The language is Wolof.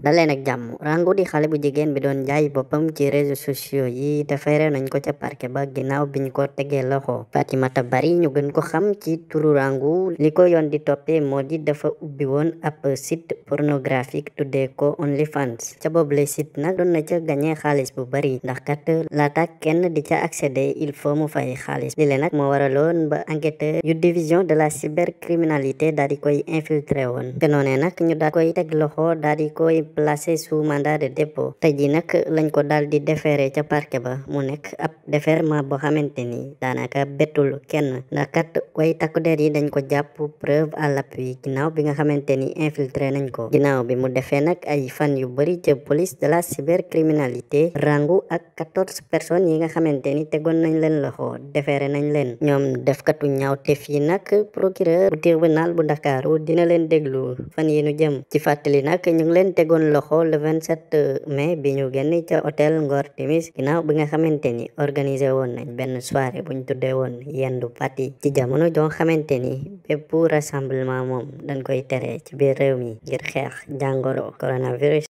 daleen ak jàmm rangu di xale bu jigéen bi doon jaay boppam ci réseaux sociaux yi te fayre nañ ko ca parquet ba ginnaaw biñ ko tegee loxo Fatimata Bari ñu gën ko xam ci turu rangu li ko yoon di toppee moo di dafa ubbi woon ab site pornographique tuddee ko OnlyFans ca boobule site nag doon na ca gañee xaalis bu bari ndax kat laata kenn di ca accéder il faut mu fay xaalis li leen nag moo waraloon ba enquêteur yu division de la cybercriminalité daal di koy daal koy teg loxo daal koy placé sous mandat de dépôt di defeere ca parquet ba mu nekk ab déferment boo xamante ni daanaka bettul kenn ndax kat way takku der yi dañ ko jàpp preuve à l'appui ginnaaw bi nga xamante ni infiltré nañ ko ginnaaw bi mu defee nag ay fan yu bëri ca police de la cybercriminalité rangu ak quatorze personnes yi nga xamante ni tegoon nañ leen loxo defeere nañ leen ñoom defkatu ñaawteef yi nag procureur bu tribunal bu Ndakaaru dina leen déglu fan yi jëm ci fàttali ñu ngi leen tegoon tegoon loxo le 27 mai bi ñu génn ca hôtel Ngor Timis ginnaaw bi nga xamante ni organisé woon nañ benn soirée buñ tuddee woon yendu parti ci jamono joo xamante ni bépp rassemblement moom dañ koy tere ci biir réew mi ngir xeex jàngoro coronavirus